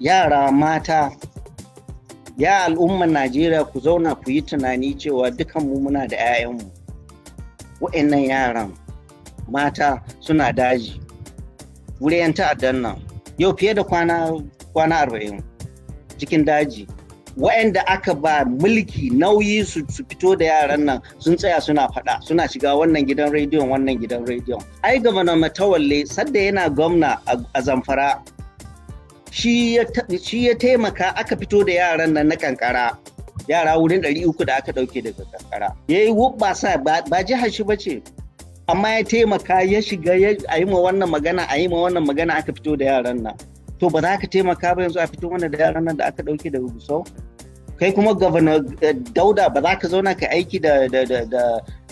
yara mata ya al'ummar najeriya ku zauna ku yi tunani cewa mu muna da 'ya'yanmu wa'annan yaran mata suna daji wuri 'yan ta'addan nan yau fiye da kwana kwana cikin daji wa'anda aka ba mulki nauyi su fito da yaran nan sun tsaya suna faɗa suna shiga wannan gidan rediyon wannan gidan rediyon ai gaba na matawalle sadda yana gwamna a zamfara shi ya taimaka aka fito da yaran nan na kankara yara wurin ɗari uku da aka ɗauke daga kankara ya yi sa ba jihar shi ba ce amma ya taimaka ya shiga a yi ma wannan magana a yi ma wannan magana aka fito da yaran nan to ba za ka taimaka ba yanzu a fito wannan da yaran nan da aka ɗauke daga gusau kai kuma gabana eh, dauda ba za ka zauna ka aiki da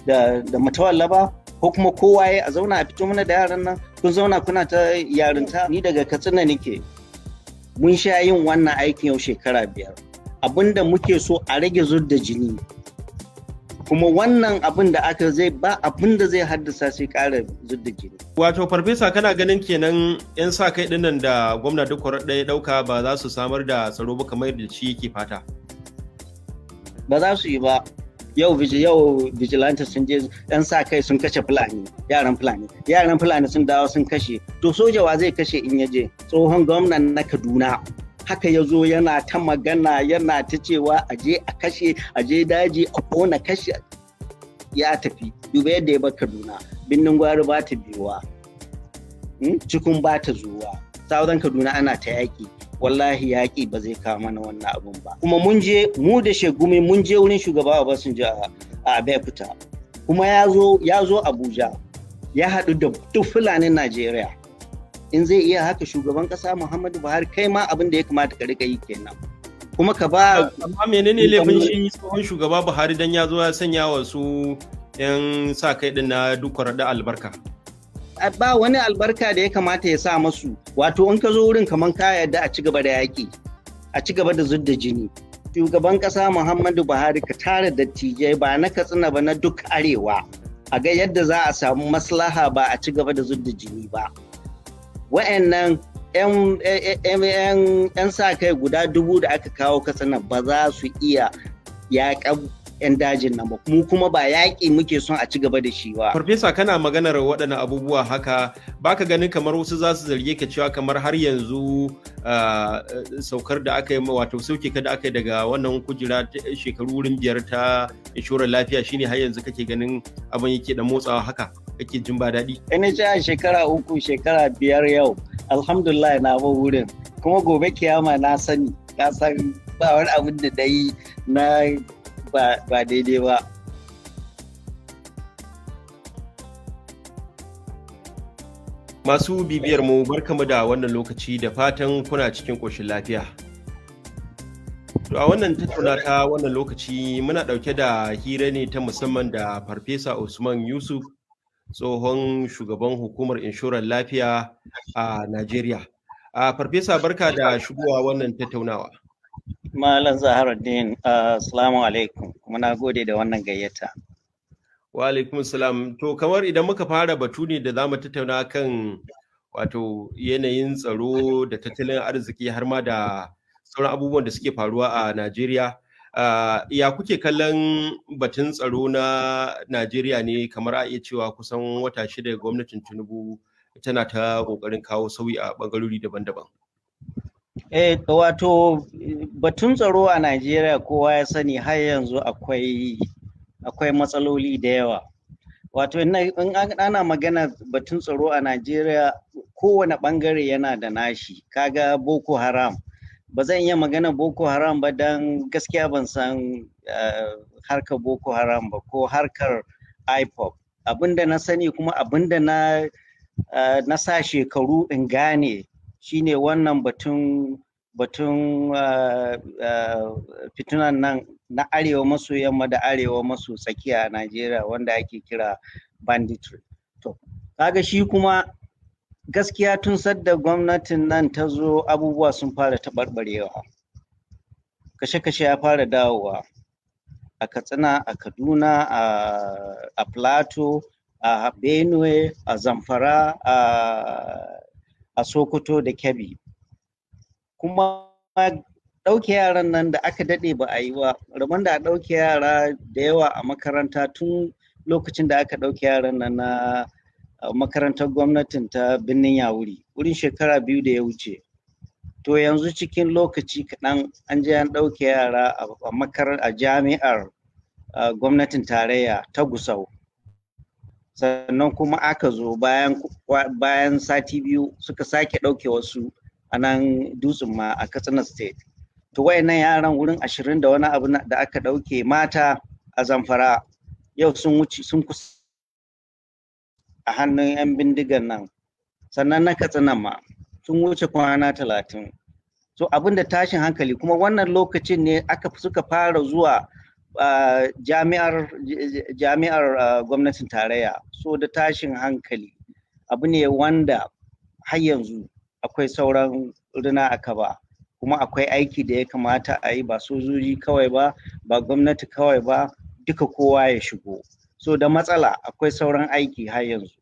da matawalla ba ko kuma kowa ya zauna a fito mana da yaran nan kun zauna kuna ta yarinta ni daga katsina nake mun sha yin wannan aikin yau shekara biyar abinda muke so a rage zur da jini kuma wannan abin da aka zai ba abin da zai haddasa sai ƙara da jini. Wato farfesa kana ganin kenan 'yan sa kai nan da gwamna duk ɗaya ɗauka ba za su samar da tsaro ba kamar da shi yake fata. Ba za su yi ba yau vigilantes sun je ɗan sa kai sun kashe fulani yaran fulani yaran fulani sun dawo sun kashe to soja wa zai kashe in ya je tsohon gwamnan na kaduna haka ya zo yana ta magana yana ta cewa a je a kashe a je daji a kona kashe ya tafi duba yadda ya bar kaduna binnin gwari ba ta biyuwa hmm? cikin ba ta zuwa sauran kaduna ana ta yaƙi wallahi yaƙi ba zai kawo mana wannan abun ba kuma mun je mu da shegumi mun je wurin shugaba Obasanjo a Abeokuta kuma ya zo Abuja ya haɗu da duk fulanin Najeriya in zai iya haka shugaban ƙasa Muhammadu Buhari kai ma abin da ya kamata ka riƙa yi kenan kuma ka ba amma menene laifin shi tsohon shugaba Buhari dan ya zo ya sanya wa su yan sa kai din na duk albarka ba wani albarka da ya kamata ya sa masu wato in ka zo wurin kamar ka yadda a ci gaba da yaƙi a ci gaba da zudda jini shugaban ƙasa muhammadu buhari ka tara dattijai ba na katsina ba na duk arewa a ga yadda za a samu maslaha ba a ci gaba da zudda jini ba wa'annan 'yan sa kai guda dubu da aka kawo katsina ba za su iya yaƙan 'yan dajin nan ba mu kuma ba yaƙi muke son a ci gaba da shi ba. Farfesa kana maganar waɗannan abubuwa haka baka ganin kamar wasu za su zarge ka cewa kamar har yanzu ah, saukar da aka yi wato sauke ka da aka yi daga wannan kujera shekaru wurin biyar ta inshorar lafiya shine har yanzu kake ganin abin yake da motsawa haka kake jin ba daɗi. Ina a shekara uku shekara biyar yau alhamdulillah na ba wurin kuma gobe kiyama na sani ka san ba wani abin da dai na ba daidai ba Masu bibiyar mu barkamu da wannan lokaci da fatan kuna cikin ƙoshin lafiya. To a wannan tattauna wannan lokaci muna ɗauke da hira ne ta musamman da Farfesa Usman Yusuf tsohon shugaban hukumar inshorar lafiya a Najeriya. Farfesa barka da shigowa wannan tattaunawa. Malam Zaharuddin, Assalamu uh, alaikum, kuma na gode da wannan gayyata. Wa alaikum salam. To kamar idan muka fara batu ne da zamu tattauna kan wato yanayin tsaro da tattalin arziki har ma da sauran abubuwan da suke faruwa a Najeriya. Uh, ya kuke kallon batun tsaro na Najeriya ne kamar a iya cewa kusan wata shida gwamnatin Tinubu tana ta ƙoƙarin kawo sauyi a ɓangarori daban-daban. Eh, wato batun tsaro a Najeriya kowa ya sani har yanzu akwai matsaloli da yawa. Wato in ana magana batun tsaro a Najeriya kowane ɓangare yana da nashi, kaga Boko Haram. Ba zan iya magana Boko Haram ba don gaskiya ban san eh, harkar Boko Haram ba ko harkar IPOP. Abinda na sani kuma abinda eh, na sa shekaru in gane shine wannan batun batun eh, eh, fitunan nan na arewa maso yamma da arewa maso tsakiya a Najeriya wanda ake kira banditry. To, kaga shi kuma gaskiya tun sadda gwamnatin nan ta zo abubuwa sun fara taɓarɓarewa. Kashe-kashe ya fara dawowa a Katsina, a Kaduna, a Plateau, a Benue, a Zamfara, a a Sokoto da Kebbi. Kuma ɗauke yaran nan da aka daɗe ba a yi ba, rabon da a ɗauke yara da yawa a makaranta tun lokacin da aka ɗauke yaran nan na makarantar gwamnatin ta birnin Yawuri, wurin shekara biyu da ya wuce. To yanzu cikin lokaci kaɗan an je an ɗauke yara a a jami'ar gwamnatin tarayya ta Gusau. sannan kuma aka zo bayan bayan sati biyu suka sake ɗauke wasu a nan dutsen ma a katsina state to wayannan yaran wurin ashirin da wani abu da aka ɗauke mata a zamfara yau sun wuce sun kusa a hannun 'yan bindigan nan sannan na katsina ma sun wuce kwana talatin so abin da tashin hankali kuma wannan lokacin ne aka suka fara zuwa jami'ar jami'ar gwamnatin tarayya so da tashin hankali abu ne wanda har yanzu akwai sauran rina a ba, kuma akwai aiki da ya kamata a yi ba sojoji kawai ba ba gwamnati kawai ba duka kowa ya shigo so da matsala akwai sauran aiki har yanzu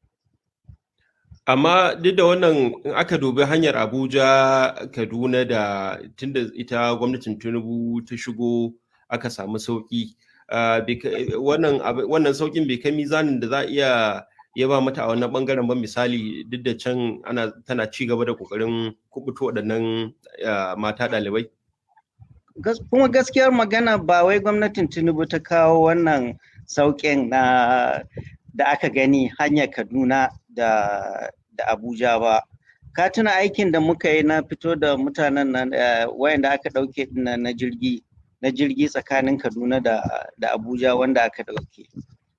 amma duk da wannan in aka dubi hanyar abuja kaduna da tunda ita gwamnatin tinubu ta shigo aka samu sauki ah, wannan saukin bai kai mizanin da za a iya ya ba mata a wannan bangaren ba misali duk da can ana tana ci gaba da kokarin kubuto waɗannan ah, mata ɗalibai kuma gaskiyar magana ba wai gwamnatin tinubu ta kawo wannan sauƙin na da aka gani hanyar kaduna da abuja ba ka aikin da muka yi na fito da mutanen nan eh, wayanda aka ɗauke na jirgi na jirgi tsakanin Kaduna da, da Abuja wanda aka dauke.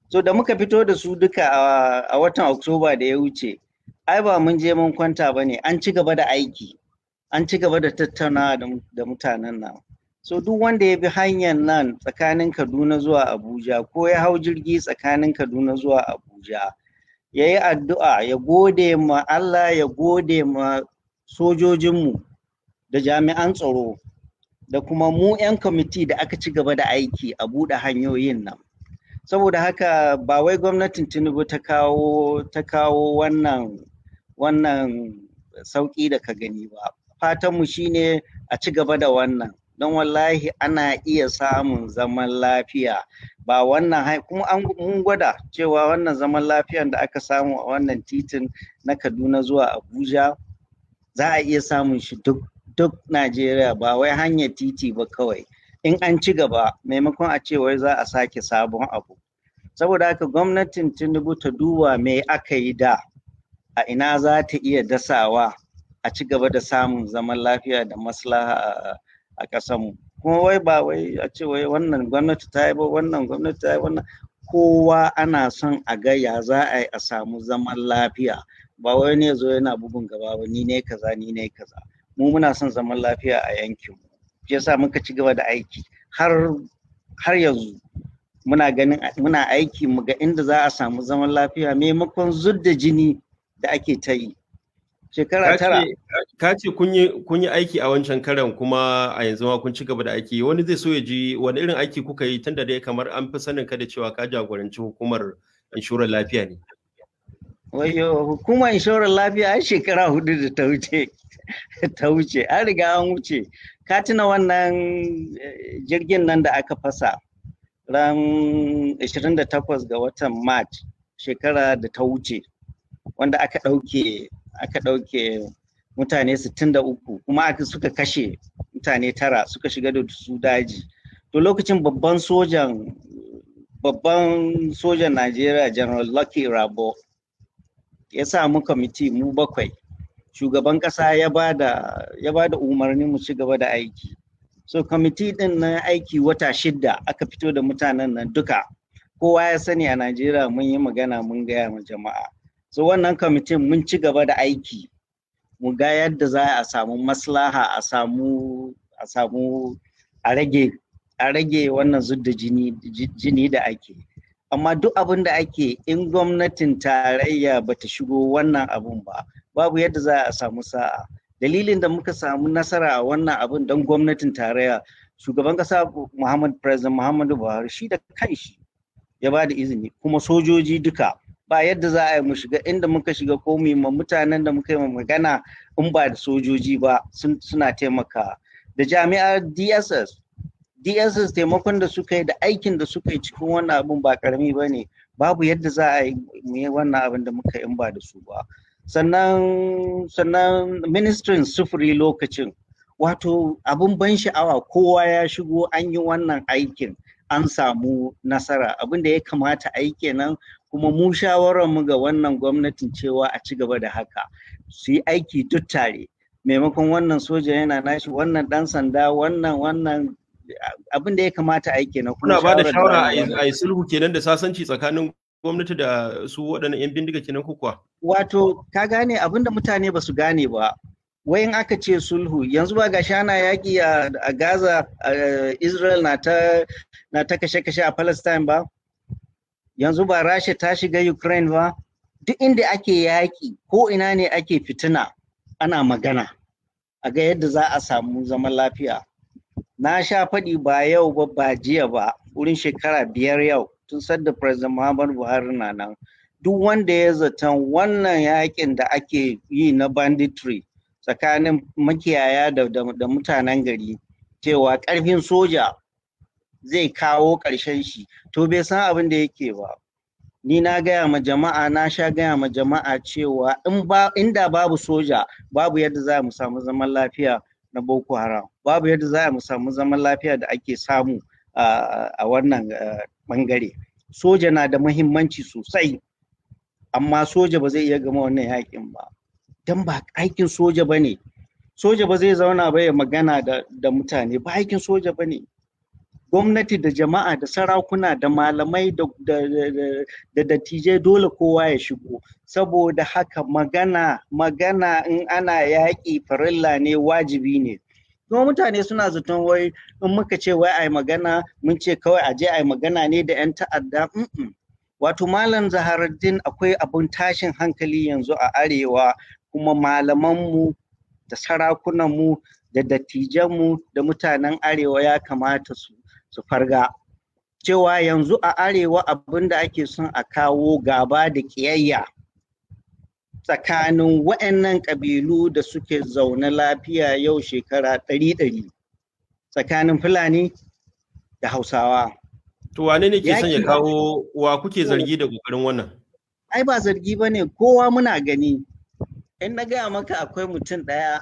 So da muka fito da su duka a watan Oktoba da ya wuce, ai ba mun je mun kwanta ba ne, an ci gaba da aiki, an ci gaba da tattaunawa da mutanen nan. So duk wanda ya bi hanyar nan tsakanin Kaduna zuwa Abuja ko ya hau jirgi tsakanin Kaduna zuwa Abuja, ya yi addu'a ya gode ma Allah ya gode ma sojojinmu da jami'an tsaro da kuma mu 'yan kwamiti da aka ci gaba da aiki a buɗe hanyoyin nan saboda haka ba wai gwamnatin tinubu ta kawo ta kawo wannan wannan sauƙi da ka gani ba fatanmu ne a ci gaba da wannan don wallahi ana iya samun zaman lafiya ba wannan kuma an mun gwada cewa wannan zaman lafiyan da aka samu a wannan titin na kaduna zuwa abuja za a iya samun shi duk duk Najeriya ba wai hanyar titi ba kawai in an ci gaba maimakon a ce wai za a sake sabon abu saboda haka gwamnatin Tinubu ta duba me aka yi da a ina za ta iya dasawa a ci gaba da samun zaman lafiya da maslaha a kasanmu? kuma wai ba wai a ce wai wannan gwamnati ta yi ba wannan gwamnati ta yi wannan kowa ana son a ga ya za a yi a samu zaman lafiya ba wai ne zo yana bugun gaba ba ni ne kaza ni ne kaza mu muna son zaman lafiya a yankin shi yasa muka ci gaba da aiki har har yanzu muna ganin muna aiki mu ga inda za a samu zaman lafiya maimakon da jini da ake ta yi shekara tara ka ce kun yi aiki a wancan karan kuma a yanzu ma kun ci gaba da aiki wani zai so ya ji wani irin aiki kuka yi tunda dai kamar an fi sanin ka da cewa ka jagoranci hukumar inshorar lafiya ne wayo hukumar inshorar lafiya a shekara hudu da ta wuce ta wuce an riga an wuce ka tuna wannan eh, jirgin nan da aka fasa ran 28 ga watan march shekara da ta wuce wanda aka ɗauke aka ɗauke mutane 63 kuma aka suka kashe mutane tara suka shiga da su daji to lokacin babban sojan babban sojan najeriya general lucky rabo ya sa mu kwamiti mu bakwai shugaban kasa ya ba da umarni mu ci gaba da aiki so kwamiti ɗin na aiki wata shidda aka fito da mutanen nan duka kowa ya sani a najeriya mun yi magana mun gaya ma jama'a so wannan kwamitin mun ci gaba da aiki mu ga yadda za a samu maslaha a samu a samu a rage a rage wannan zudda jini jini da ake amma duk abin da ake in gwamnatin tarayya ba ta shigo wannan abun ba babu yadda za a samu sa'a dalilin da muka samu nasara a wannan abun don gwamnatin tarayya shugaban kasa muhammad president muhammadu buhari shi da shi ya ba da izini kuma sojoji duka ba yadda za a yi mu shiga inda muka shiga ko ma mutanen da muka yi magana in ba da sojoji ba suna taimaka da jami'ar dss DSS taimakon da suka yi da aikin da suka yi cikin wannan abin ba karami ba ne babu yadda za a yi wannan abin da muka yi ba da su ba sannan sannan ministrin sufuri lokacin wato abin ban sha'awa kowa ya shigo an yi wannan aikin an samu nasara abin da ya kamata aiki nan kuma mu shawararmu ga wannan gwamnatin cewa a ci gaba da haka su yi aiki duk tare maimakon wannan soja yana nashi wannan ɗan sanda wannan wannan abin da ya kamata a yi kenan kuna ba da shawara a yi sulhu kenan da sasanci tsakanin gwamnati da su waɗannan 'yan bindiga kenan kuwa wato ka gane abin da mutane ba su gane ba wayan aka ce sulhu yanzu ba gashi ana yaƙi a gaza a israel na ta na ta kashe-kashe a palestine ba yanzu ba rasha ta shiga ukraine ba duk inda ake yaƙi ko ina ne ake fitina ana magana a ga yadda za a samu zaman lafiya na sha faɗi ba yau ba ba jiya ba wurin shekara biyar yau tun sadda president muhammadu buhari na nan duk wanda ya zaton wannan yakin da ake yi na banditry tsakanin makiyaya da da mutanen gari cewa ƙarfin soja zai kawo ƙarshen shi to bai san abin da yake ba ni na gaya ma jama'a na sha gaya ma jama'a cewa in ba inda babu soja babu yadda za mu samu zaman lafiya na boko haram babu yadda za mu samu zaman lafiya da ake samu a wannan bangare soja na da muhimmanci sosai amma soja ba zai iya gama wannan yakin ba don ba aikin soja ba ne soja ba zai zauna ba magana da mutane ba aikin soja ba ne gwamnati da jama'a da sarakuna da malamai da dattijai dole kowa ya shigo saboda haka magana magana in ana yaƙi farilla ne wajibi ne kuma mutane suna zaton wai in muka ce wai ai magana mun ce kawai a je ai magana ne da 'yan ta'adda wato malam zaharuddin akwai abun tashin hankali yanzu a arewa kuma malamanmu da sarakunanmu da dattijanmu da mutanen arewa ya kamata su su farga cewa yanzu a arewa abin da ake son a kawo gaba da ƙiyayya tsakanin waɗannan ƙabilu da suke zaune lafiya yau shekara ɗari ɗari tsakanin Fulani da Hausawa. To wane ne ke sanya kawo wa kuke zargi da ƙoƙarin wannan? Ai ba zargi ba ne kowa muna gani. In na gaya maka akwai mutum ɗaya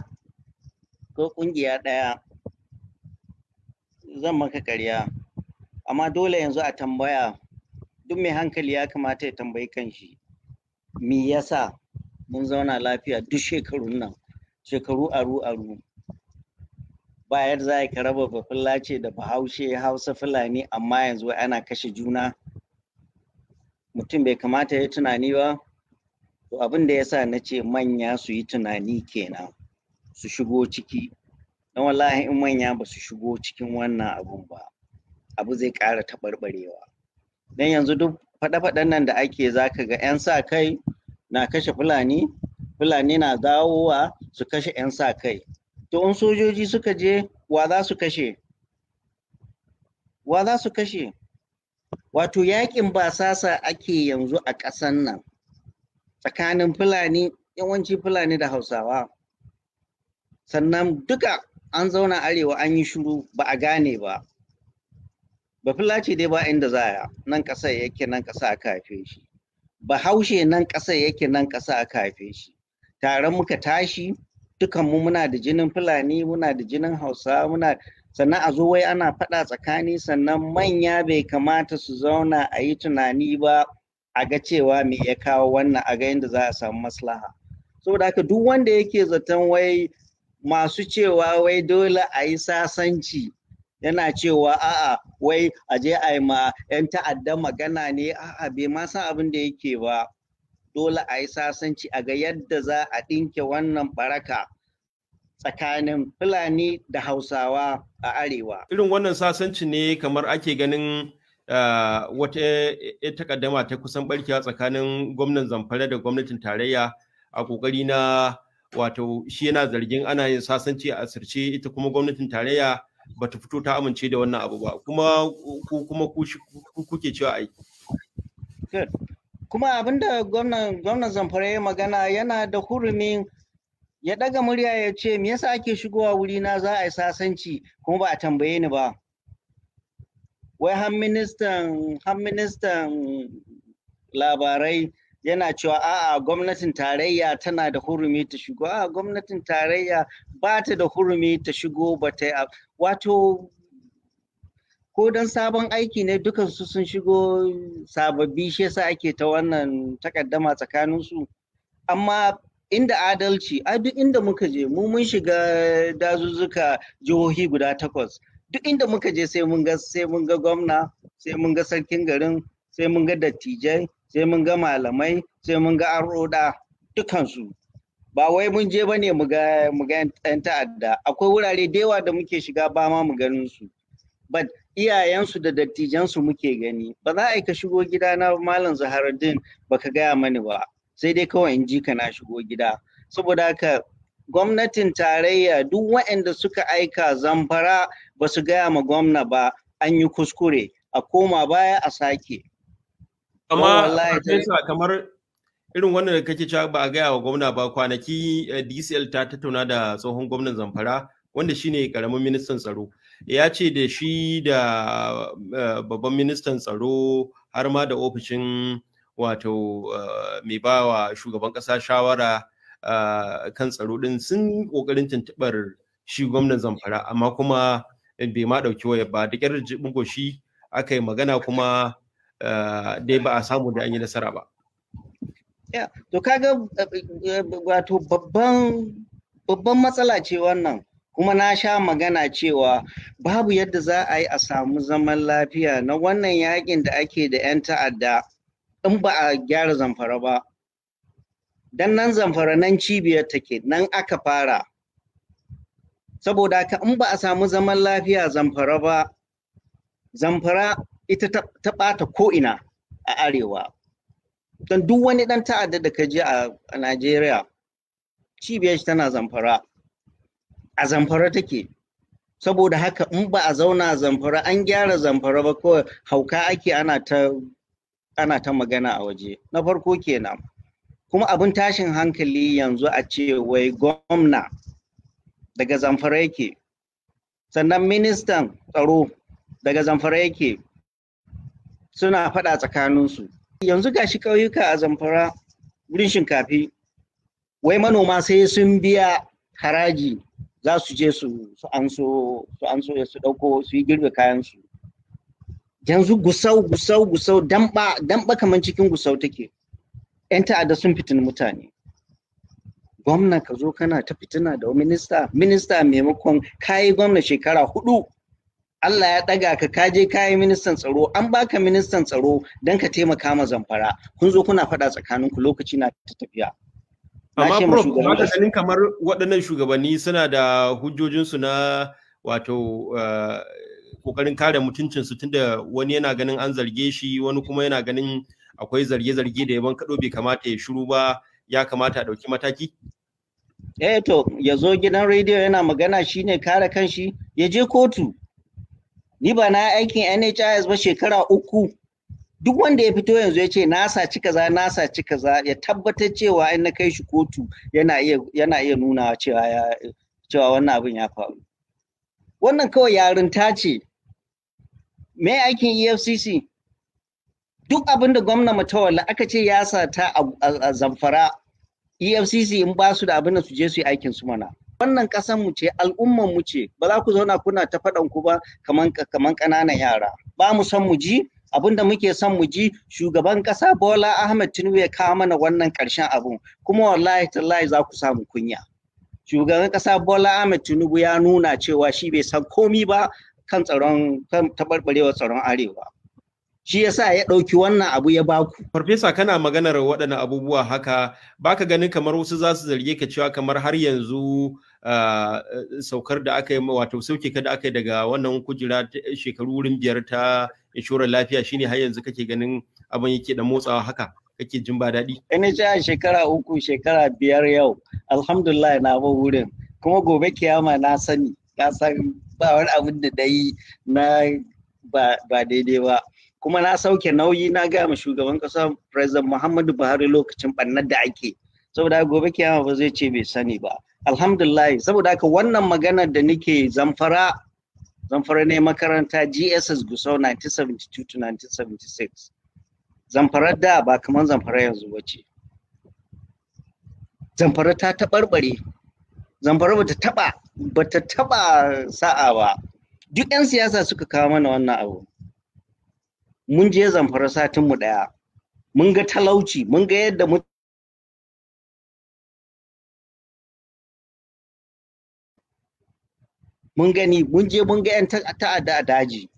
ko ƙungiya ɗaya zan maka ƙarya. Amma dole yanzu a tambaya duk mai hankali ya kamata ya tambayi kan shi. Me yasa? mun zauna lafiya duk shekarun nan shekaru aru aru ba za ka raba bafullace da bahaushe hausa fulani amma yanzu ana kashe juna mutum bai kamata ya tunani ba to abin da yasa na ce manya su yi tunani kenan su shigo ciki don wallahi in manya ba su shigo cikin wannan abun ba abu zai ƙara taɓarɓarewa don yanzu duk faɗe-faɗen nan da ake zaka ga 'yan sa kai na kashe fulani fulani na dawowa su kashe 'yan sa kai to in sojoji suka je wa za su kashe wa za su kashe wato yakin basasa ake yanzu a ƙasan nan tsakanin fulani yawanci fulani da hausawa sannan duka an zauna arewa an yi shuru ba a gane ba ba fulace dai ba inda zaya nan ƙasa yake nan ƙasa a kafe shi bahaushe nan ƙasa yake nan ƙasa a kafe shi tare muka tashi dukanmu muna da jinin fulani muna da jinin hausa muna sannan a zo wai ana faɗa tsakani sannan manya bai kamata su zauna a yi tunani ba a ga cewa me ya kawo wannan a ga yadda za a samu maslaha saboda haka duk wanda yake zaton wai masu cewa wai dole a yi sasanci yana cewa a'a wai a je a yi ma 'yan ta'adda magana ne a'a bai ma san abin da yake ba dole a yi sasanci a ga yadda za a ɗinke wannan baraka tsakanin fulani da hausawa a arewa irin wannan sasanci ne kamar ake ganin ah, wata takaddama ta kusan barkewa tsakanin gwamnan zamfara da gwamnatin tarayya a kokari na wato shi yana zargin ana yin sasanci a asirce ita kuma gwamnatin tarayya ba fito ta amince da wannan abu ba kuma ku kuma kuke cewa ai kuma abinda gwamnan gwamnan Zamfara ya magana yana da hurumin ya daga murya ya ce me yasa ake shigowa wuri na za a yi sasanci kuma ba a tambaye ni ba wai ham ministan ministan labarai yana cewa a'a gwamnatin tarayya tana da hurumi ta shigo a'a gwamnatin tarayya ba ta da hurumi ta shigo ba ta yi wato ko dan sabon aiki ne dukan su sun shigo sababbi shi yasa ake ta wannan takaddama tsakanin su amma inda adalci a duk inda muka je mu mun shiga dazuzzuka jihohi guda takwas duk inda muka je sai mun ga gwamna sai mun ga sarkin garin sai mun ga dattijai sai mun ga malamai sai mun ga aroda dukansu ba wai mun je ba ne mu ga yan ta'adda akwai wurare da yawa da muke shiga ba ma mu ganin su but iyayensu da dattijansu muke gani ba za a yi ka shigo gida na malam zaharuddin baka gaya mani ba sai dai kawai in ji ka na shigo gida saboda haka gwamnatin tarayya duk waɗanda suka aika zamfara ba su gaya ma gwamna ba an yi kuskure a koma baya a sake Oh, kamar irin wannan da kake cewa ba a gaya wa gwamna ba kwanaki eh, DCL ta tattauna da tsohon gwamnan Zamfara wanda shi ne karamin ministan tsaro ya ce da shi da eh, babban ministan tsaro har ma da ofishin wato eh, mai bawa shugaban kasa shawara kan tsaro din sun kokarin tuntubar shi gwamnan Zamfara amma kuma bai ma dauki waya ba da kyar jibin goshi aka yi magana kuma Eh, dai ba a samu da an yi nasara ba to kaga eh, wato babban matsala ce wannan kuma na sha magana cewa babu yadda za a yi a samu zaman lafiya na wannan yakin da ake da 'yan ta'adda in ba a gyara zamfara ba don nan zamfara nan cibiyar take nan aka fara saboda ka in ba a samu zaman lafiya zamfara ba zamfara ita ta ɓata ko'ina a arewa don duk wani ɗan ta'adda da ka je a najeriya cibiyar shi tana zamfara a zamfara take saboda haka in ba a zauna a zamfara an gyara zamfara ba ko hauka ake ana ta ana ta magana a waje na farko kenan kuma abin tashin hankali yanzu a ce wai gwamna daga zamfara yake sannan ministan tsaro daga zamfara yake suna faɗa tsakaninsu yanzu ga shi ƙauyuka a zamfara wurin shinkafi wai manoma sai sun biya haraji za su je su an su su ɗauko su yi girbe kayansu yanzu gusau gusau gusau damba damba kamar cikin gusau take yan ta'adda sun fitin mutane gwamna ka zo kana ta fitina da minista minista maimakon kayi gwamna shekara hudu Allah ya ɗaga ka kaje kayi ministan tsaro an baka ministan tsaro don ka taimaka ma zamfara kun zo kuna faɗa tsakaninku lokaci na ta tafiya. Amma prof ba kamar waɗannan shugabanni suna da hujjojinsu na wato eh, ƙoƙarin kare mutuncinsu tunda wani yana ganin an zarge shi wani kuma yana ganin akwai zarge-zarge da yaban kaɗo bai kamata ya shiru ba ya kamata a ɗauki mataki? Eh to ya zo gidan rediyo yana magana shine kare kanshi ya je kotu. ni ba na aikin NHIS ba shekara uku duk wanda ya fito yanzu ya ce na saci kaza na saci kaza ya tabbatar cewa in na kai shi kotu yana iya nuna cewa wannan abin ya faru wannan kawai yarinta ce me aikin EFCC duk abin da gwamna matawala aka ce ya sata a zamfara EFCC in ba su da abin da su je su yi aikin su mana wannan ƙasar mu ce al'umman mu ce ba za ku zauna kuna ta faɗan ku ba kaman kaman ƙananan yara ba mu san mu ji abin da muke son mu ji shugaban ƙasa Bola Ahmed Tinubu ya kawo mana wannan ƙarshen abun kuma wallahi tallahi za ku samu kunya shugaban ƙasa Bola Ahmed Tinubu ya nuna cewa shi bai san komi ba kan tsaron kan tsaron arewa shi yasa ya ɗauki wannan abu ya baku. Farfesa kana maganar waɗannan abubuwa haka baka ganin kamar wasu za su zarge ka cewa kamar har yanzu saukar da aka yi wato sauke ka da aka yi daga wannan kujera shekaru wurin biyar ta inshorar lafiya shine har yanzu kake ganin abin yake da motsawa haka kake jin ba daɗi. Ina a shekara uku shekara biyar yau alhamdulillah na ba wurin kuma gobe kiyama na sani na san ba wani abin da na na ba daidai ba. kuma na sauke nauyi na gaya ma shugaban kasa president muhammadu buhari lokacin bannar da ake saboda gobe kiyama ba zai ce bai sani ba alhamdulillah saboda haka wannan maganar da nake zamfara zamfara ne makaranta gss gusau 1972 to 1976 zamfarar da ba kamar zamfara yanzu ba ce zamfara ta taɓarɓare zamfara ba ta taɓa ta taɓa sa'a ba duk 'yan siyasa suka kawo mana wannan abu mun je zamfara satin mu ɗaya mun ga talauci mun ga yadda mu mun gani mun je mun ga 'yan ta'adda a daji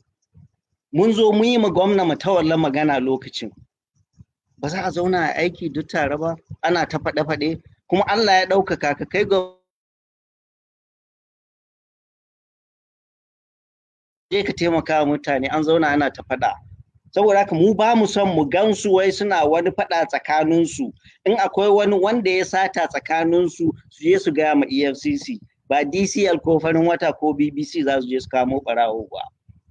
mun zo mun yi ma gwamna matawallan magana lokacin ba za a zauna a aiki duk tare ba ana ta faɗe-faɗe kuma Allah ya ɗaukaka ka kai ga je ka taimaka mutane an zauna ana ta faɗa saboda haka mu ba mu son mu gansu wai suna wani faɗa tsakaninsu in akwai wani wanda ya sata tsakaninsu su je su gaya ma efcc ba dcl ko farin wata ko bbc za su je su kamo ɓarawo ba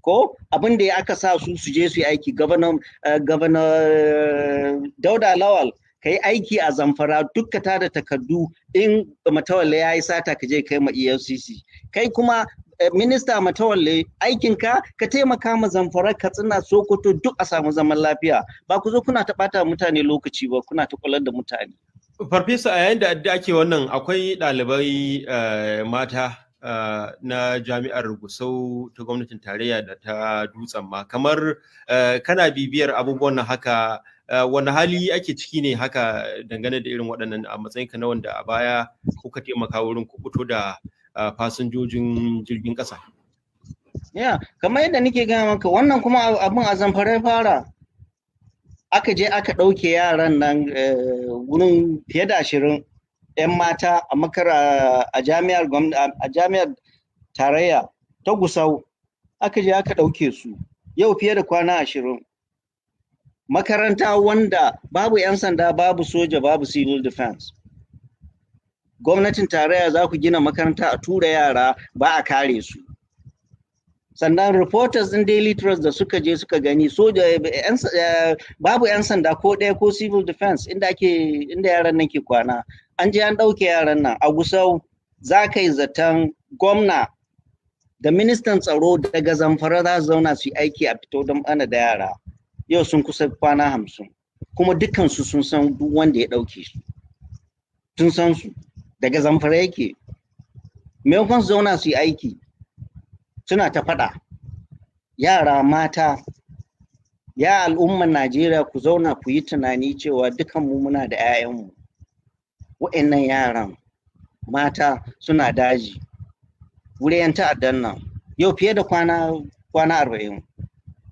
ko abin da aka sa su su je su yi aiki governor eh, eh, dauda lawal ka yi aiki a zamfara dukka ta da takardu in matawalle ya yi sata ka je kai ma efcc kai kuma Eh, minista matawalle aikinka ka taimaka ma zamfara katsina sokoto duk a samu zaman lafiya ba ku zo kuna ta bata mutane lokaci ba kuna ta kular da mutane. farfesa a yayin da adda ake wannan akwai ɗalibai eh, mata eh, na jami'ar Gusau ta gwamnatin tarayya da ta dutsen ma kamar kana bibiyar abubuwan na haka wani hali ake ciki ne haka dangane da irin waɗannan a matsayinka na wanda a baya kuka taimaka wurin fito da fasinjojin jirgin ƙasa. Ya, kamar yadda nake gaya maka wannan kuma abin a zamfare fara aka je aka ɗauke yaran nan eh, wurin fiye da ashirin 'yan mata a makara a jami'ar tarayya ta gusau aka je aka ɗauke su yau fiye da kwana ashirin makaranta wanda babu 'yan sanda babu soja babu civil defense gwamnatin tarayya za ku gina makaranta a tura yara ba a kare su sannan reporters din daily trust da suka je suka gani soja eh, eh, babu 'yan sanda ko ɗaya ko civil defense inda ake inda yaran nan ke kwana an je an ɗauke yaran nan a gusau za ka yi zaton gwamna da ministan tsaro daga zamfara za su zauna su yi aiki a fito don bana da yara yau sun kusa kwana hamsin kuma dukansu sun san duk wanda ya ɗauke su tun san su daga zamfara yake maimakon su zauna su yi aiki suna ta faɗa yara mata ya al'umman najeriya ku zauna ku yi tunani cewa dukan mu muna da 'ya'yanmu wa'annan yaran mata suna daji wuri 'yan ta'addan nan yau fiye da kwana kwana arba'in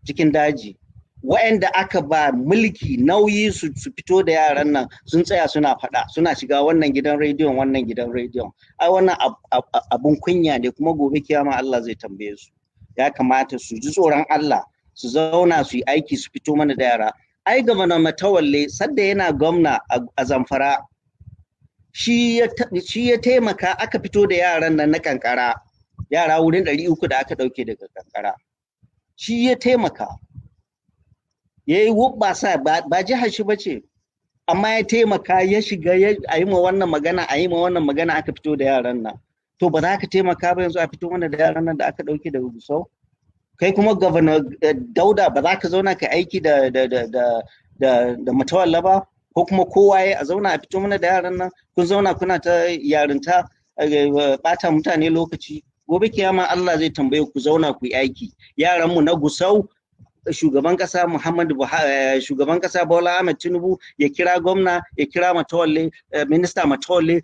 cikin daji wa'anda aka ba mulki nauyi su fito da yaran nan sun tsaya suna faɗa suna shiga wannan gidan rediyon wannan gidan rediyon ai wannan abun kunya ne kuma gobe kiyama Allah zai tambaye su ya kamata su ji tsoron Allah su zauna su yi aiki su fito mana da yara ai gaba matawalle sadda yana gwamna a zamfara shi ya taimaka aka fito da yaran nan na kankara yara wurin ɗari uku da aka ɗauke daga kankara shi ya taimaka ya yi hubbasa ba jihar shi ba ce amma ya taimaka ya shiga a yi ma wannan magana a yi ma wannan magana aka fito da yaran nan to ba za ka taimaka ba yanzu a fito mana da yaran nan da aka ɗauke da gusau kai kuma governor eh, dauda ba za ka zauna ka aiki da da matawalla ba ko kuma kowa ya a zauna a fito mana da yaran nan kun zauna kuna ta yarinta bata eh, mutane lokaci gobe kiyama Allah zai tambaye ku zauna ku yi aiki yaran mu na gusau shugaban kasa Muhammadu Buhari eh, shugaban kasa Bola Ahmed Tinubu ya kira gwamna ya kira Matole eh, minista Matole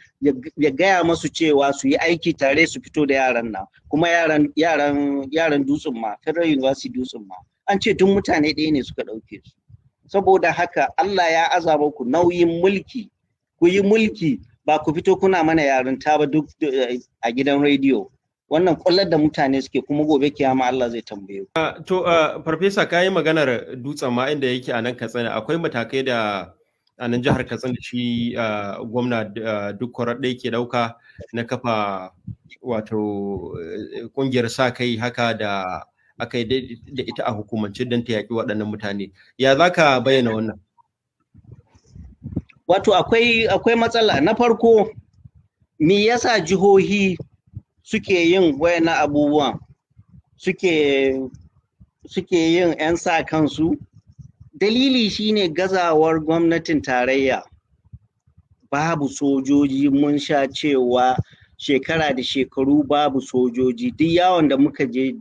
ya gaya masu cewa su yi aiki tare su fito da yaran nan kuma yaran yaran yaran dutsun ma Federal University dutsun ma an ce duk mutane ɗaya ne suka ɗauke su saboda haka Allah ya azaba ku nauyin mulki ku yi mulki ba ku fito kuna mana yarinta ba duk eh, a gidan rediyo wannan kwallar da mutane suke kuma gobe kiyama Allah zai tambaye ku. Ah, to ah, farfesa ka yi maganar dutsen ma inda yake a nan Katsina akwai matakai da a nan jihar Katsina shi ah, gwamna duk kwarar da yake dauka na kafa wato kungiyar eh, sa kai haka da aka yi da ita a hukumance don ta yaƙi waɗannan mutane. Ya za ka bayyana wannan? Wato akwai matsala na farko me yasa jihohi suke yin na abubuwan suke suke yin 'yan sa kansu dalili shine gazawar gwamnatin tarayya babu sojoji mun sha cewa shekara da shekaru babu sojoji duk yawon da muka je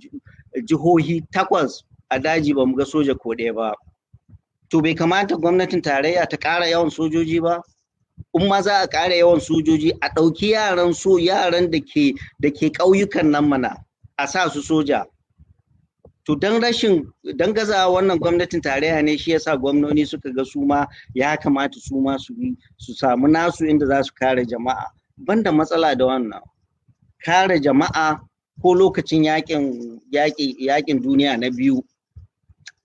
jihohi takwas a daji ba mu ga soja ko ɗaya ba to bai kamata gwamnatin tarayya ta ƙara yawan sojoji ba in ma za a ƙara yawan sojoji a ɗauki yaran so yaran da ke da ke ƙauyukan nan mana a sa su soja to don rashin don gaza wannan gwamnatin tarayya ne shi yasa gwamnoni suka ga su ma ya kamata su ma su yi su samu nasu inda za su kare jama'a banda matsala da wannan kare jama'a ko lokacin yakin yakin duniya na biyu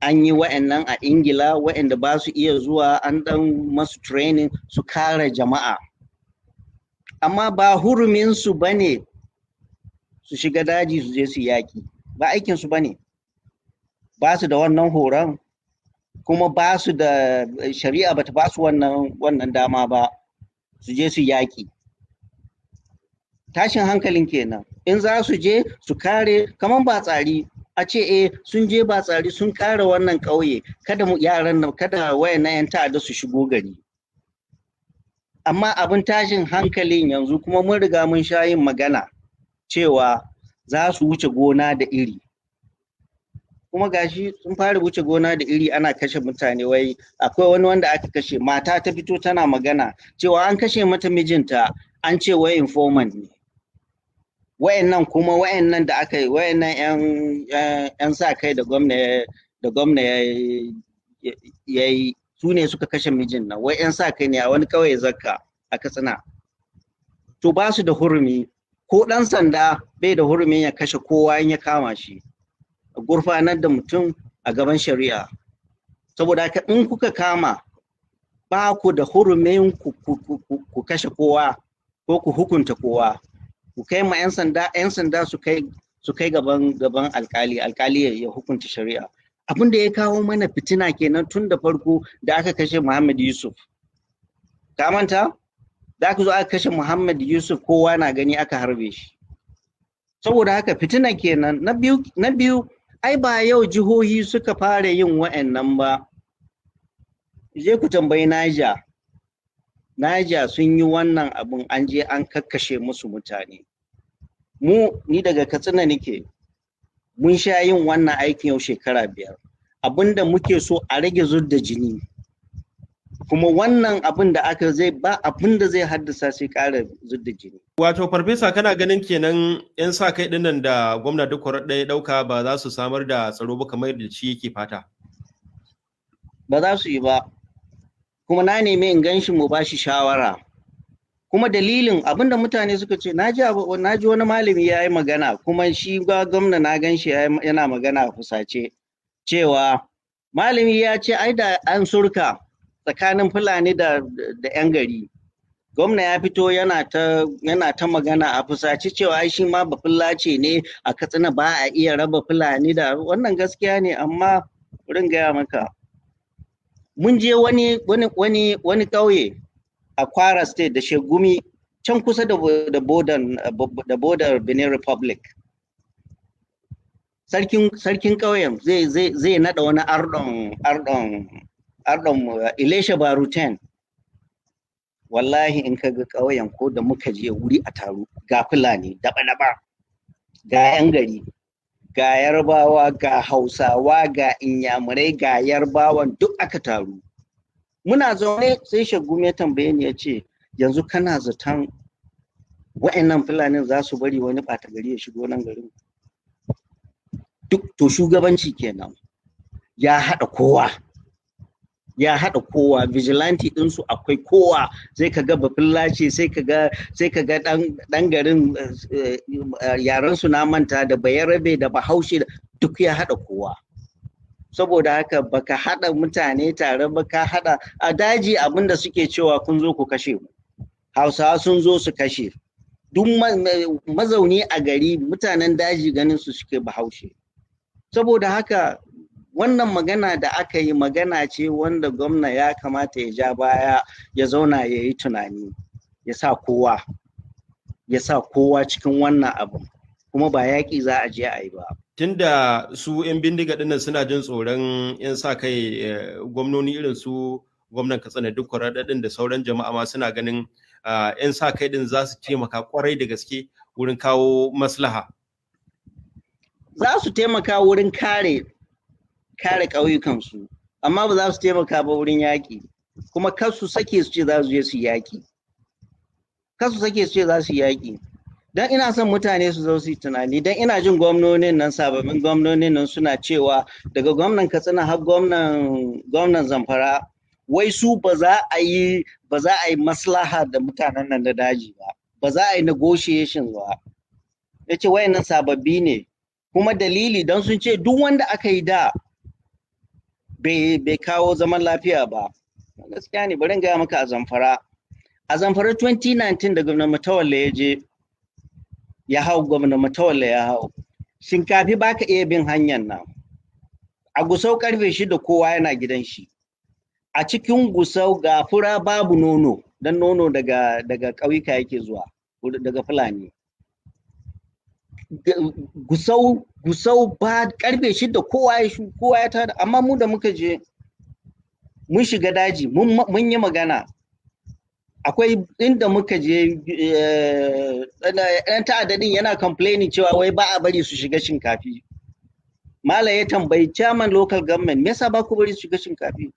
an yi wa'annan a ingila wa'anda ba su iya zuwa an dan masu training su kare jama'a amma ba huruminsu ba ne su shiga daji su je su yaƙi ba aikinsu ba ne ba su da wannan horon kuma ba su da shari'a bata ba su wannan dama ba su je su yaƙi tashin hankalin kenan in za su je su kare kamar ba tsari a ce eh sun je ba tsari sun kara wannan ƙauye kada mu yaran nan kada wayan nan ta'adda su shigo gari amma abin tashin hankalin yanzu kuma mun riga mun sha yin magana cewa za su wuce gona da iri kuma gashi sun fara wuce gona da iri ana kashe mutane wai akwai wani wanda aka kashe mata ta fito tana magana cewa an kashe mata mijinta an ce wai informant ne wayannan kuma wayannan da aka yi wayannan yan sa kai da gwamna da gwamna ya yi su ne suka kashe mijin nan wai yan sa kai ne a wani kauye zakka a katsina to ba su da hurumi ko ɗan sanda bai da hurumi ya kashe kowa in ya kama shi a gurfanar da mutum a gaban shari'a saboda ka in kuka kama ba ku da hurumin ku kashe kowa ko ku hukunta kowa ku kai ma 'yan sanda 'yan sanda su kai su kai gaban gaban alkali alkali ya hukunta shari'a abin da ya kawo mana fitina kenan tun da farko da aka kashe Muhammad Yusuf ka manta da aka zo aka kashe Muhammad Yusuf kowa na gani aka harbe shi saboda haka fitina kenan na biyu na biyu ai ba yau jihohi suka fara yin wa'annan ba je ku tambayi Niger Niger sun yi wannan abun an je an kakkashe musu mutane. Mu ni daga Katsina nake mun sha yin wannan aikin yau shekara biyar. Abinda muke so a rage zub da jini. Kuma wannan abin da aka zai ba abin da zai haddasa sai ƙara zub da jini. Wato farfesa kana ganin kenan 'yan sa kai dinnan da gwamna duk ɗaya ɗauka ba za su samar da tsaro ba kamar da shi yake fata. Ba za su yi ba, kuma na nemi in gan shi mu ba shi shawara kuma dalilin abinda mutane suka ce na ji wani malami ya yi magana kuma shi ga gwamna na gan shi yana magana a fusace cewa malami ya ce ai da an surka tsakanin fulani da da 'yan gari gwamna ya fito yana ta yana ta magana a fusace cewa ai shi ma bafulla ce ne a katsina ba a iya raba fulani da wannan gaskiya ne amma wurin gaya maka mun je wani wani wani wani kauye a Kwara State da Shegumi can kusa da da border da border Benin Republic sarkin sarkin kauyen zai zai zai nada wani ardon ardon ardon uh, Elisha Baruten wallahi in ka ga kauyen ko da muka je wuri a taro ga fulani daba daba ga yan gari ga yarbawa ga hausawa ga inyamurai ga yarbawan duk aka taru muna zaune sai shagumi ya tambaye ni ya ce yanzu kana zaton wa'annan fulanin za su bari wani ɓata gari ya shigo nan garin duk to shugabanci kenan ya haɗa kowa ya haɗa kowa vigilante ɗinsu akwai kowa sai ka ga bafillace sai ka sai ka ga ɗan garin eh, eh, yaren su na manta da bayarabe da bahaushe duk ya haɗa kowa saboda haka baka haɗa mutane tare ba ka haɗa a daji abinda suke cewa kun zo ku kashe mu hausawa sun zo su kashe duk mazauni a gari mutanen daji ganin su suke bahaushe saboda haka wannan magana da aka yi magana ce wanda gwamna ya kamata ya ja baya ya zauna ya yi tunani ya sa kowa ya sa kowa cikin wannan abin kuma ba yaƙi za a je a yi ba tunda su 'yan bindiga dinnan suna jin tsoron 'yan sa kai eh, gwamnoni irin su gwamnan katsina duk raɗaɗin da sauran jama'a ma suna ganin 'yan ah, sa kai din za su taimaka kwarai da gaske wurin kawo maslaha za su taimaka wurin kare kare ƙauyukansu amma ba za su taimaka ba wurin yaƙi kuma kar su sake su ce za su je su yaƙi kar su sake su ce za su yaƙi dan ina son mutane su zo su tunani dan ina jin gwamnonin nan sababbin gwamnonin nan suna cewa daga gwamnan katsina har gwamnan gwamnan zamfara wai su ba za a yi ba za a yi maslaha da mutanen nan da daji ba ba za a yi negotiation ba ya wayannan sababbi ne kuma dalili dan sun ce duk wanda aka yi da bai kawo zaman lafiya ba gaskiya ne bari gaya maka a zamfara a zamfara 2019 da gwamnan matawalle ya je ya hau gwamnan matawalle ya hau shinkafi ba ka iya bin hanyar nan a gusau karfe shi da kowa yana gidan shi a cikin gusau ga fura babu nono don nono daga daga ƙauyuka yake zuwa daga fulani gusau gusau ba karfe shida kowa ya shu kowa ya tada amma mu da muka je mun shiga daji mun yi magana akwai inda muka je eh, ɗan ta'adadin yana complaining cewa wai ba a bari su shiga shinkafi malam ya tambayi chairman local government me yasa ba ku bari su shiga shinkafi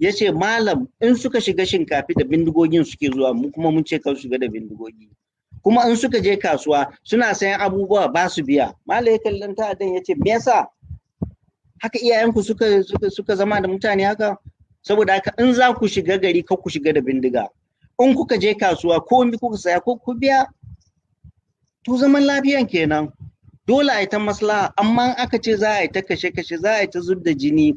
ya ce malam in suka shiga shinkafi da bindigogin suke zuwa mu kuma mun ce kan shiga da bindigogi kuma in suka je kasuwa suna sayan abubuwa ba su biya ya kallon ta'addan ya ce me yasa haka iyayenku suka suka zama da mutane haka saboda haka in za ku shiga gari ka ku shiga da bindiga in kuka je kasuwa ko in kuka saya ko ku biya to zaman lafiyan kenan dole a yi ta maslaha amma aka ce za a yi ta kashe kashe za a yi ta zub da jini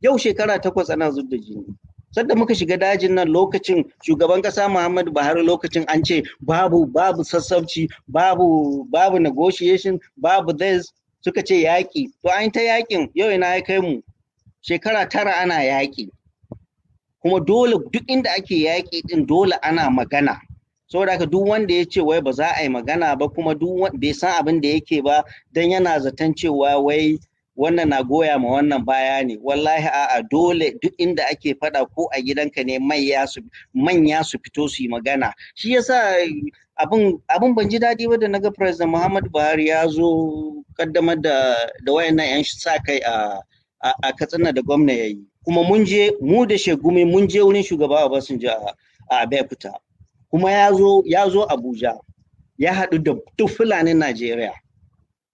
yau shekara takwas ana zub da jini sadda muka shiga dajin nan lokacin shugaban kasa Muhammadu Buhari lokacin an ce babu babu sassauci babu babu negotiation babu this suka ce yaƙi to an ta yaƙin yau ina ya kai mu shekara tara ana yaƙi kuma dole duk inda ake yaƙi din dole ana magana saboda haka duk wanda ya ce wai ba za a yi magana ba kuma duk bai san abin da yake ba dan yana zaton cewa wai wannan na goya ma wannan baya ne wallahi a'a dole duk inda ake fada ko a gidanka ne manya su manya su fito su yi magana shi yasa abin abin ban ji daɗi ba da naga president Muhammad Buhari ya zo kaddamar da da wayannan yan sa kai a a Katsina da gwamna yayi kuma mun je mu da shegumi mun je wurin shugaba Obasanjo a Abeokuta kuma ya zo ya zo Abuja ya haɗu da duk Fulanin Najeriya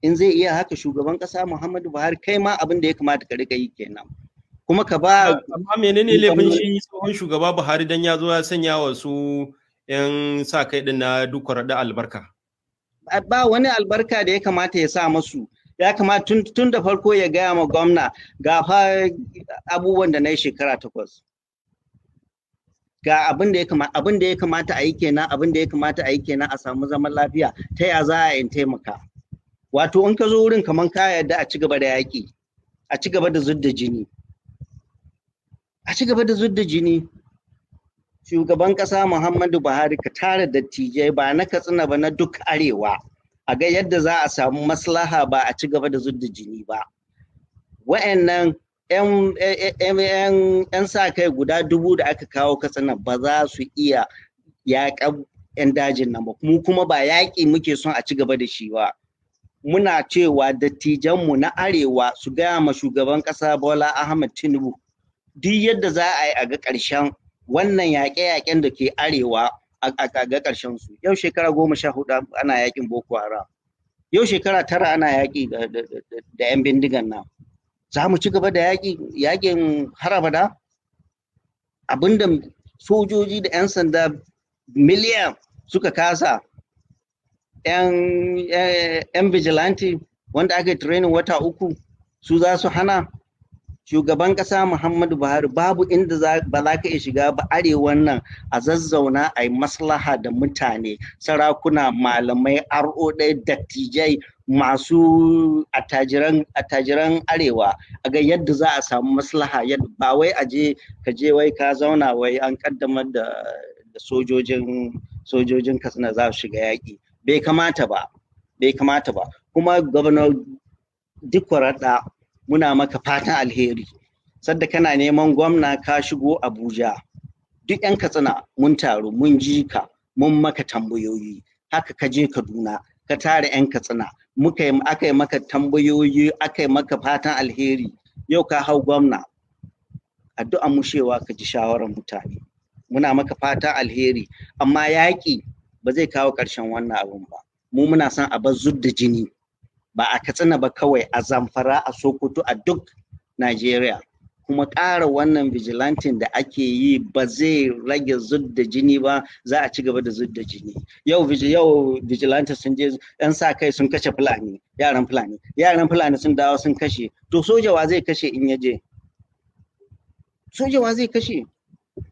in zai iya haka shugaban kasa Muhammadu Buhari kai ma abin da ya kamata ka rika yi kenan kuma ka ba amma menene laifin shi tsohon shugaba Buhari dan ya zo ya sanya wa su yan sa kai din na duk da albarka ba wani albarka da ya kamata ya sa masu ya kamata tun da farko ya gaya ma gwamna ga fa abubuwan da na yi shekara takwas ga abin da ya kamata abin da ya kamata a yi kenan abin da ya kamata a yi kenan a samu zaman lafiya ta ya za a yin taimaka wato in ka zo wurin kaman ka yarda a ci da yaƙi a ci gaba da zudda jini a ci gaba da zudda jini shugaban ƙasa muhammadu buhari ka tara dattijai ba na katsina ba na duk arewa a ga yadda za a samu maslaha ba a ci gaba da zudda jini ba wa'annan 'yan sa kai guda dubu da aka kawo katsina ba za su iya yaƙan 'yan dajin nan ba mu kuma ba yaƙi muke son a ci gaba da shi ba muna cewa dattijanmu na arewa su gaya ma shugaban ƙasa Bola Ahmed Tinubu duk yadda za a yi a ga ƙarshen wannan yaƙe-yaƙen da ke arewa a ga ƙarshen su yau shekara goma sha hudu ana yaƙin Boko Haram yau shekara tara ana yaƙi da 'yan bindigan nan za mu ci gaba da yaƙin da abinda sojoji da 'yan sanda miliyan suka kasa Eh, 'yan vigilante wanda aka yi training wata uku su za su hana shugaban kasa muhammadu buhari babu inda ba za ka iya shiga ba arewa nan a zazzauna a yi maslaha da mutane sarakuna malamai ro dattijai masu attajiran arewa a ga yadda za a samu maslaha yadda ba wai a je ka je wai ka zauna wai an kaddamar da sojojin sojojin katsina za su shiga yaƙi bai kamata ba bai kamata ba kuma gwamnan duk raɗa muna maka fatan alheri sadda kana neman gwamna ka shigo abuja duk yan katsina mun taru mun ji ka mun maka tambayoyi haka ka je kaduna ka tara yan katsina muka aka maka tambayoyi aka yi maka fatan alheri yau ka hau gwamna addu'a mu ka ji shawarar mutane muna maka fatan alheri amma yaƙi ba zai kawo ƙarshen wannan abun ba mu muna son a bar zub da jini ba a katsina ba kawai a zamfara a sokoto a duk najeriya kuma ƙara wannan vigilantin da ake yi ba zai rage zub da jini ba za a ci gaba da zub da jini yau yau vigilantin sun je yan sa kai sun kashe fulani yaran fulani yaran fulani sun dawo sun kashe to sojawa zai kashe in ya je sojawa zai kashe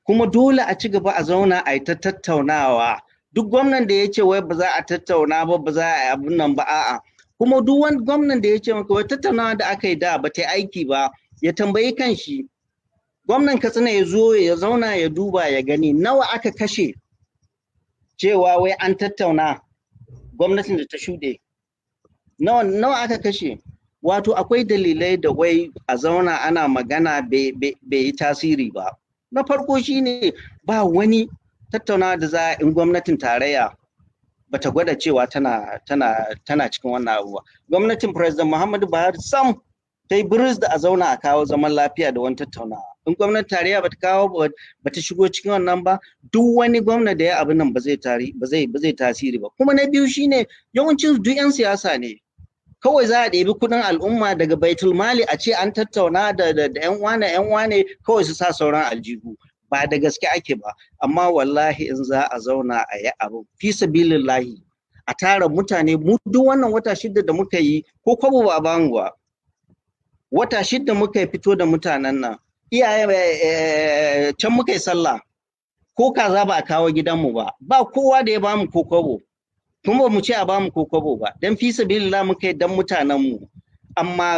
kuma dole a ci gaba a zauna a yi ta tattaunawa duk gwamnan da ya ce wai ba za a tattauna ba ba za a yi abin nan ba a'a kuma duk wani gwamnan da ya ce maka wai tattaunawa da aka yi da ba ta aiki ba ya tambayi kan shi gwamnan katsina ya zo ya zauna ya duba ya gani nawa aka kashe cewa wai an tattauna gwamnatin da ta shuɗe nawa nawa aka kashe wato akwai dalilai da wai a zauna ana magana bai yi tasiri ba na farko shine ba wani tattaunawa da za in gwamnatin tarayya bata gwada cewa tana cikin wannan abubuwa gwamnatin president muhammadu buhari sam ta yi buris da a zauna a kawo zaman lafiya da wani tattaunawa in gwamnatin tarayya bata kawo bata shigo cikin wannan ba duk wani gwamna da ya abin nan ba zai tari tasiri ba kuma na biyu shi ne, yawancin duk yan siyasa ne kawai za a ɗebi kuɗin al'umma daga baitul mali a ce an tattauna da da yan wane yan kawai su sa sauran aljihu ba da gaske ake ba amma wallahi in za a zauna a yi abu fi sabilillahi a tara mutane mu duk wannan wata shida da muka yi ko kwabo ba bamu ba wata shida muka fito da mutanen nan iyaye eh, can muka yi sallah ko kaza ba a kawo gidanmu ba ba kowa da ya bamu ko kwabo kuma ba mu ce a bamu ko kwabo ba dan fi sabilillahi muka yi dan mutanenmu amma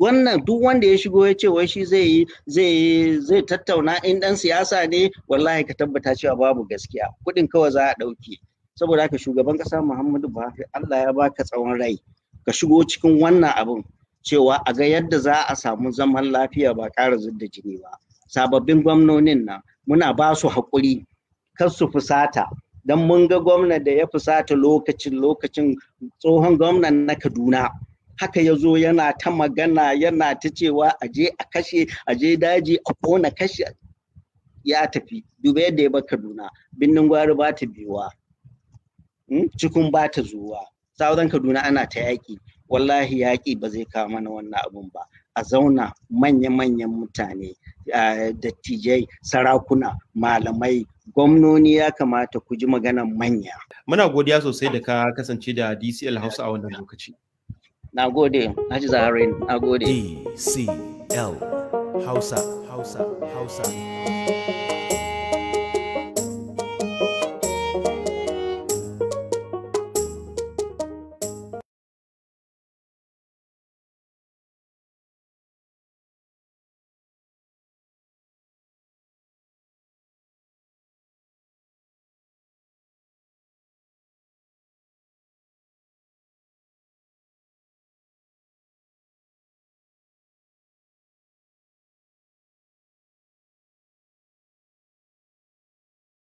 wannan duk wanda ya shigo ya ce wai shi zai yi zai zai tattauna in dan siyasa ne wallahi ka tabbata cewa babu gaskiya kuɗin kawai za a ɗauke saboda haka shugaban ƙasa Muhammadu Buhari Allah ya baka tsawon rai ka shigo cikin wannan abin cewa a ga yadda za a samu zaman lafiya ba ƙara zudda jini ba sababbin gwamnonin nan muna ba su haƙuri kar su fusata dan mun ga gwamna da ya fusata lokacin lokacin tsohon gwamnan na Kaduna haka ya zo yana ta magana yana ta cewa a je a kashe a je daji a kona kashe ya tafi duba yadda ya bar kaduna Birnin gwari ba ta biyuwa hmm? cikin ba ta zuwa sauran kaduna ana ta yaƙi wallahi yaƙi ba zai kawo mana wannan abun ba a zauna manya-manyan mutane dattijai sarakuna malamai gwamnoni ya kamata ku ji maganan manya muna godiya sosai da ka kasance da dcl hausa a wannan lokaci just are in. Now go there. DCL Hausa Hausa Hausa